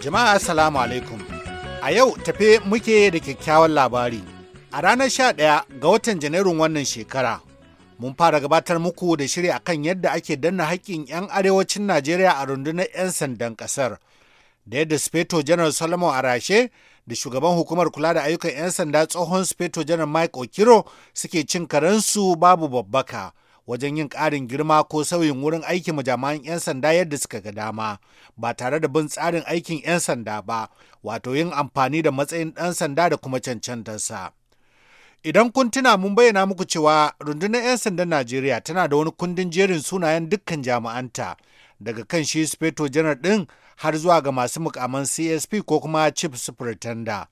Jama'a Assalamu alaikum. A yau tafe muke da kyakkyawan labari. A ranar sha ɗaya ga watan Janairun wannan shekara, mun fara gabatar muku da shiri akan yadda ake danna haƙƙin 'yan arewacin Najeriya a rundunar 'yan sandan ƙasar. Da yadda Sufeto General Solomon Arashe da shugaban hukumar kula da ayyukan 'yan sanda tsohon Sufeto Janar Mike Okiro suke cin karensu babu babbaka. wajen yin ƙarin girma ko sauyin wurin aiki ma 'yan sanda yadda suka ga dama ba tare da bin tsarin aikin 'yan sanda ba wato yin amfani da matsayin ɗan sanda da kuma cancantarsa. Idan kun tuna mun bayyana muku cewa rundunar 'yan sandan Najeriya tana da wani kundin jerin sunayen dukkan jami'anta daga kan shi speto janar ɗin har zuwa ga masu mukaman CSP ko kuma chief superintendent.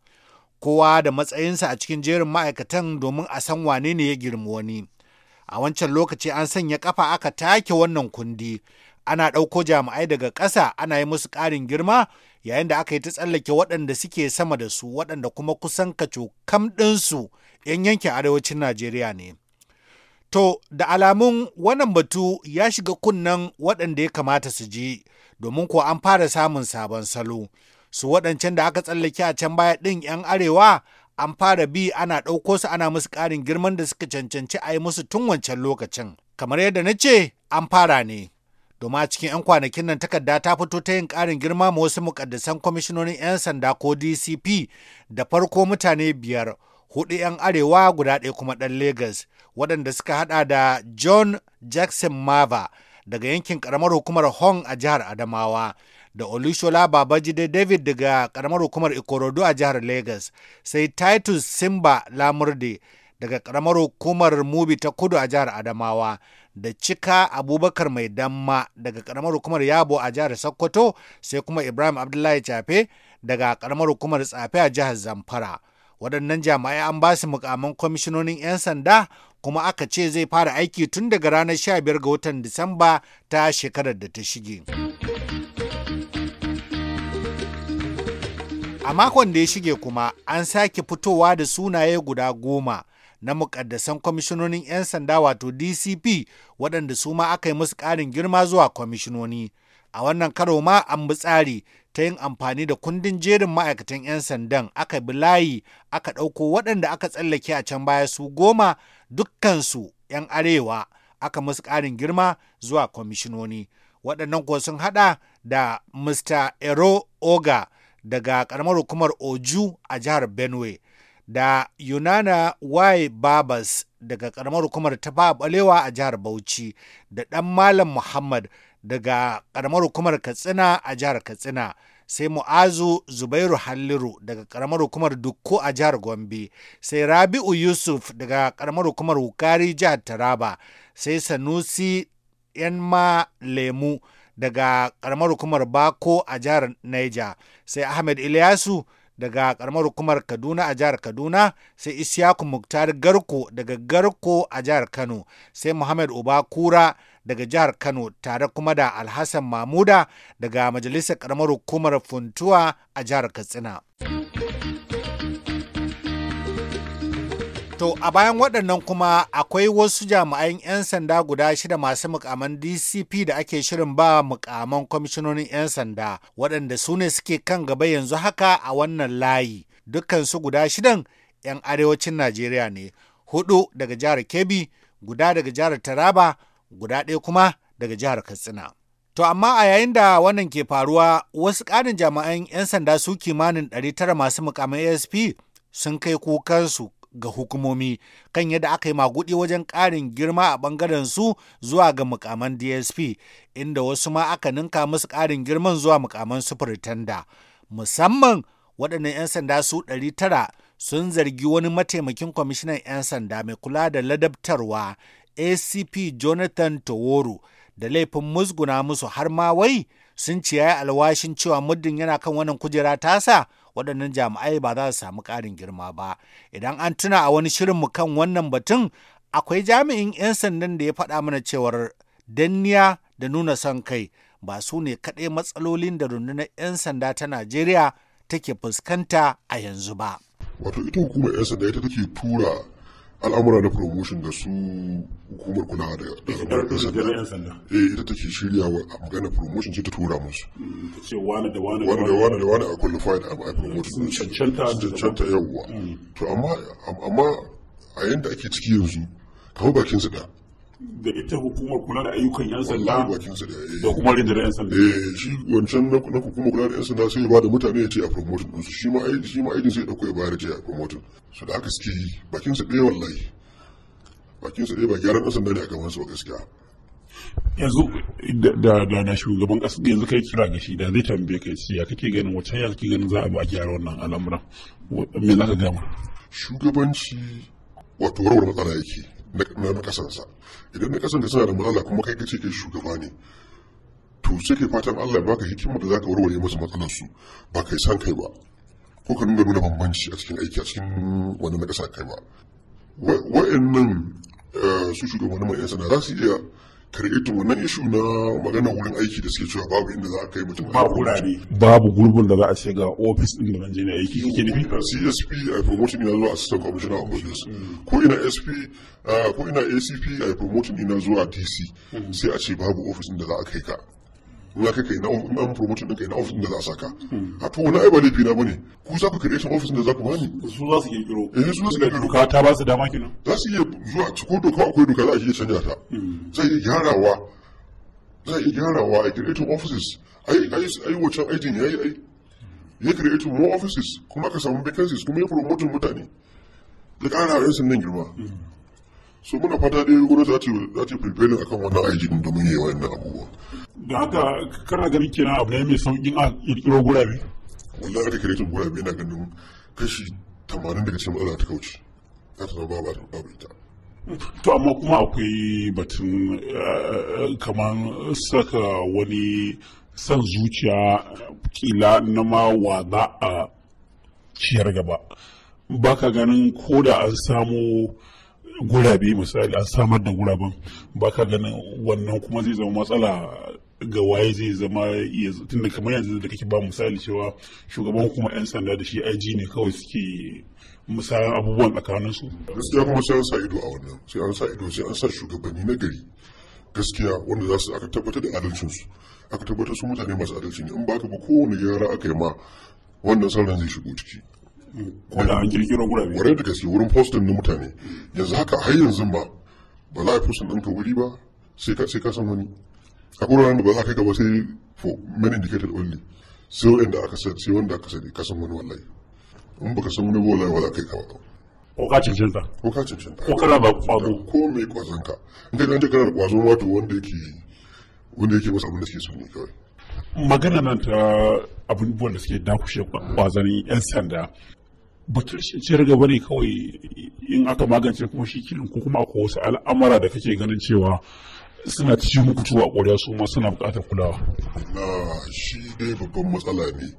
Kowa da matsayinsa a cikin jerin ma'aikatan domin a san wane ne ya girmi wani. a wancan lokaci an sanya kafa aka take wannan kundi ana ɗauko jami'ai daga ƙasa ana yi musu ƙarin girma yayin da aka yi ta tsallake waɗanda suke sama da su waɗanda kuma kusan kaco kam ɗinsu 'yan yankin arewacin najeriya ne to da alamun wannan batu ya shiga kunnen waɗanda ya kamata su ji domin kuwa an fara samun sabon salo su waɗancan da aka tsallake a can baya ɗin 'yan arewa an fara bi ana ɗauko su ana musu ƙarin girman da suka cancanci a yi musu tun wancan lokacin. Kamar yadda na ce, an fara ne. Domin a cikin 'yan kwanakin nan takarda ta fito ta yin ƙarin girma ma wasu mukaddasan kwamishinonin 'yan sanda ko DCP da farko mutane biyar, hudu 'yan arewa guda ɗaya kuma ɗan Legas, waɗanda suka haɗa da John Jackson Mava daga yankin ƙaramar hukumar Hong a jihar Adamawa. da Olushola Babajide David daga karamar hukumar Ikorodu a jihar Legas, sai Titus Simba Lamurde daga karamar hukumar Mubi ta Kudu a jihar Adamawa, da Cika Abubakar Mai Damma daga karamar hukumar Yabo a jihar Sokoto, sai kuma Ibrahim Abdullahi Chafe daga karamar hukumar Tsafe a jihar Zamfara. Waɗannan jami'ai an ba su mukamin kwamishinonin 'yan sanda kuma aka ce zai fara aiki tun daga ranar 15 ga watan Disamba ta shekarar da ta shige. A makon da ya shige kuma an sake fitowa da sunaye guda goma na mukaddasan kwamishinonin 'yan sanda wato DCP waɗanda su ma aka yi musu ƙarin girma zuwa kwamishinoni. A wannan karo ma an bi tsari ta yin amfani da kundin jerin ma'aikatan 'yan sandan aka bi layi aka ɗauko waɗanda aka tsallake a can baya su goma dukkansu 'yan arewa aka musu ƙarin girma zuwa kwamishinoni. Waɗannan kuwa sun haɗa da Mr. Ero Oga daga karamar hukumar Oju a jihar Benue da Yunana Y Babas daga karamar hukumar Tafa Balewa a jihar Bauchi da ɗan Malam Muhammad daga karamar hukumar Katsina a jihar Katsina. sai mu'azu zubairu halliru daga karamar hukumar dukko a jihar gombe sai rabi'u yusuf daga karamar hukumar wukari jihar taraba sai sanusi yanma lemu daga karamar hukumar Bako a jihar Niger, sai Ahmed Ilyasu daga karamar hukumar Kaduna a jihar Kaduna, sai Isyaku Muktar Garko daga Garko a jihar Kano, sai Muhammad Uba daga jihar Kano tare kuma da Alhassan Mamuda daga majalisar karamar hukumar Funtuwa a jihar Katsina. To a bayan waɗannan kuma akwai wasu jami'an 'yan sanda guda shida masu mukaman DCP da ake shirin ba mukaman kwamishinonin 'yan sanda waɗanda su ne suke kan gaba yanzu haka a wannan layi. Dukkansu guda shidan 'yan arewacin Najeriya ne, hudu daga jihar Kebbi, guda daga jihar Taraba, guda ɗaya kuma daga jihar Katsina. To amma a yayin da wannan ke faruwa wasu ƙarin jami'an 'yan sanda su kimanin 900 masu mukaman ASP sun kai kukansu ga hukumomi kan yadda aka yi magudi wajen ƙarin girma a ɓangaren su zuwa ga mukaman dsp inda wasu ma aka ninka musu ƙarin girman zuwa mukaman tanda musamman waɗannan 'yan sanda su 900 sun zargi wani mataimakin kwamishinan 'yan sanda mai kula da ladabtarwa acp jonathan toworo da laifin musguna musu har ma wai sun ciyayi alwashin cewa muddin yana kan wannan kujera tasa waɗannan jami'ai ba za su samu ƙarin girma ba idan an tuna a wani shirinmu kan wannan batun akwai jami'in 'yan sandan da ya faɗa mana cewar danniya da nuna son kai ba su ne kaɗai matsalolin da rundunar 'yan sanda ta najeriya take fuskanta a yanzu ba wato ita hukumar 'yan sanda ita take tura al'amura na promotion da su hukumar kula da ɗan sanda eh ita take shirya wa magana promotion ce ta tura musu ce wani da wani da wani da a qualified a promotion cancanta cancanta yawwa mm. to amma amma a yanda ake ciki yanzu kawo bakin su da da ita hukumar kula da ayyukan yan sanda da kuma rundunar yan sanda eh shi wancan na hukumar kula da yan sanda sai ya bada mutane ya ce a promotion din su shi ma aiki shi ma aikin sai ya dauko ya bayar ya ce a promotion su da haka suke yi bakin su ɗaya wallahi bakin su ɗaya ba gyaran yan sanda ne a gaban su gaskiya yanzu da da na shugaban kasa yanzu kai kira ga shi da zai tambaye kai ya kake ganin wacce ya kake ganin za a ba gyara wannan al'amuran me za ka gama shugabanci wato warware matsala yake na nakasansa idan na kasance suna da matsala kuma kai kace kai shugaba ne to sai kai fatan Allah ya baka hikima da zaka warware musu matsalar su ba kai san kai ba ko ka nuna nuna bambanci a cikin aiki a cikin wani nakasa kai ba wa'annan eh, su shugabannin mai yan sana za su iya creator wannan ishu na magana wurin aiki da suke cewa babu inda za a kai mutum ba wurare babu gurbin da za a ce ga office din da nan je ne aiki kike nufi CSP a promotion ina zuwa assistant commissioner of police hmm. ko ina SP ah, ko ina ACP a promotion ina zuwa DC hmm. sai a ce babu office din da za a kai ka ya kai kai na an promotion kai na ofis da za a saka a to wani ai ba laifi na bane ku za ku creation office da za ku bani su za su kirkiro eh su za su kirkiro doka ta ba su dama kenan za su iya zuwa ko doka akwai doka za a iya canja ta hmm. zai iya gyarawa zai iya gyarawa a creating offices ai ai ai wancan aikin yayi ai ya creating more offices kuma aka samu vacancies kuma ya promote mutane da ƙara wa 'yan nan girma hmm. so muna fata ɗaya gwamnati za ta za ta fulfilin akan wannan mun domin wa wannan abubuwa da haka kana ganin kenan abu ne mai saukin a kirkiro gurabe wallahi aka kire tun gurabe na ganin kashi 80 daga cikin matsala ta kauce ta zama babu babu ita to amma kuma akwai batun eh, kamar saka wani san zuciya kila na ma wa za a ciyar gaba ba ka ganin ko da an samu gurabe misali a samar da guraben ba ka ganin wannan kuma zai zama matsala ga waye zai zama tun da kamar yanzu da kake ba misali cewa shugaban kuma 'yan sanda da shi aji ne kawai suke misalan abubuwan tsakanin su. gaskiya kuma sai an sa ido a wannan sai an sa ido sai an sa shugabanni na gari gaskiya wanda za su aka tabbatar da adalcinsu aka tabbatar su mutane masu adalci ne in ba ka ba kowane gyara aka yi ma wannan sauran zai shigo ciki da an kirkiro gurabe wurin da kasi wurin postin na mutane yanzu haka har yanzu ba ba za a postin ka wuri ba sai ka sai ka san wani a wuraren da ba za ka kai ba sai for many indicated only sai wanda aka san sai wanda aka sani ka san wani wallahi in baka san wani wallahi ba za ka kai ka ko ka cancanta ko ka cancanta ko kana ba kwazo ko mai kwazon ka in ka ganta kana da kwazo wato wanda yake wanda yake masa abin da suke so ne kawai magana nan ta abubuwan da suke dakushe kwazani yan sanda butulcin gaba ne kawai in aka magance kuma shi kilin ko kuma akwai wasu al'amura da kake ganin cewa suna ci muku tuwa ƙwarya su ma suna buƙatar kulawa. na shi dai babban matsala ne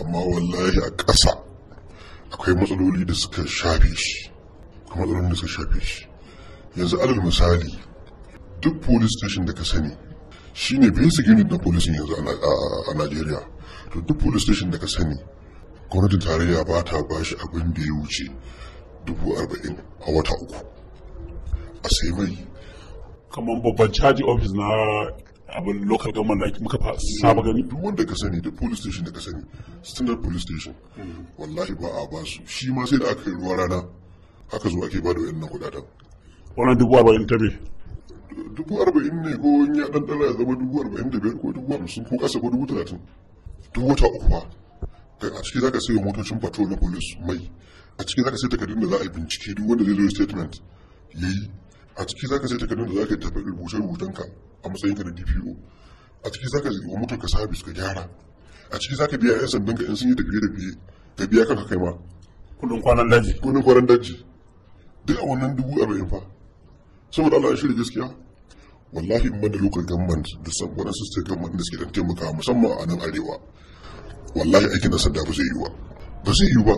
amma wallahi a ƙasa akwai matsaloli da suka shafe shi akwai matsalolin da suka shafe shi yanzu alal misali duk police station da ka sani shine basic unit na police yanzu a Najeriya to duk police station da ka sani gwamnatin tarayya ba ta ba shi abin da ya wuce dubu arba'in a wata uku a sai mai kamar babban caji ofis na abin local government da muka saba gani duk wanda ka sani da police station da ka sani standard police station wallahi ba a ba su shi ma sai da aka yi ruwa rana aka zo ake ba da wayannan kudaden wannan dubu arba'in ta me dubu arba'in ne ko in ya dan ya zama dubu arba'in da biyar ko dubu hamsin ko kasa ko dubu talatin duk wata uku ba a ciki zaka sayo motocin patrol na police mai a ciki zaka sai takardun da za a yi bincike duk wanda zai zo statement yayi a ciki zaka sai takardun da za ka tafi rubuce rubutan ka a matsayin ka na DPO a ciki zaka yi wa motar ka service ka gyara a ciki zaka biya yan sandan ka in sun yi tafiye biye ka biya kanka kai ma kudin kwanan daji kudin kwanan daji duk a wannan dubu arba'in fa saboda Allah ya shirya gaskiya wallahi in da local government da waɗansu state government da suke dan taimaka musamman a nan arewa wallahi aikin na sanda ba zai yi ba ba zai yi ba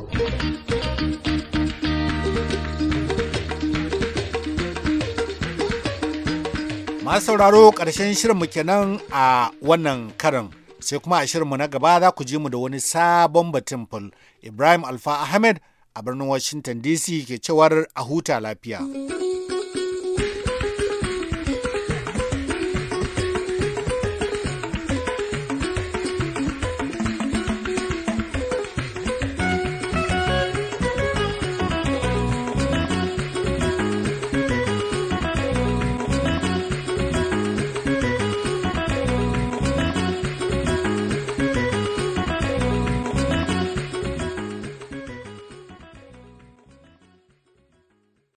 masu sauraro ƙarshen shirinmu kenan a wannan karin sai kuma a shirin mu na gaba za ku ji mu da wani sabon batun ful ibrahim alfa ahmed a birnin washington dc ke cewar a huta lafiya.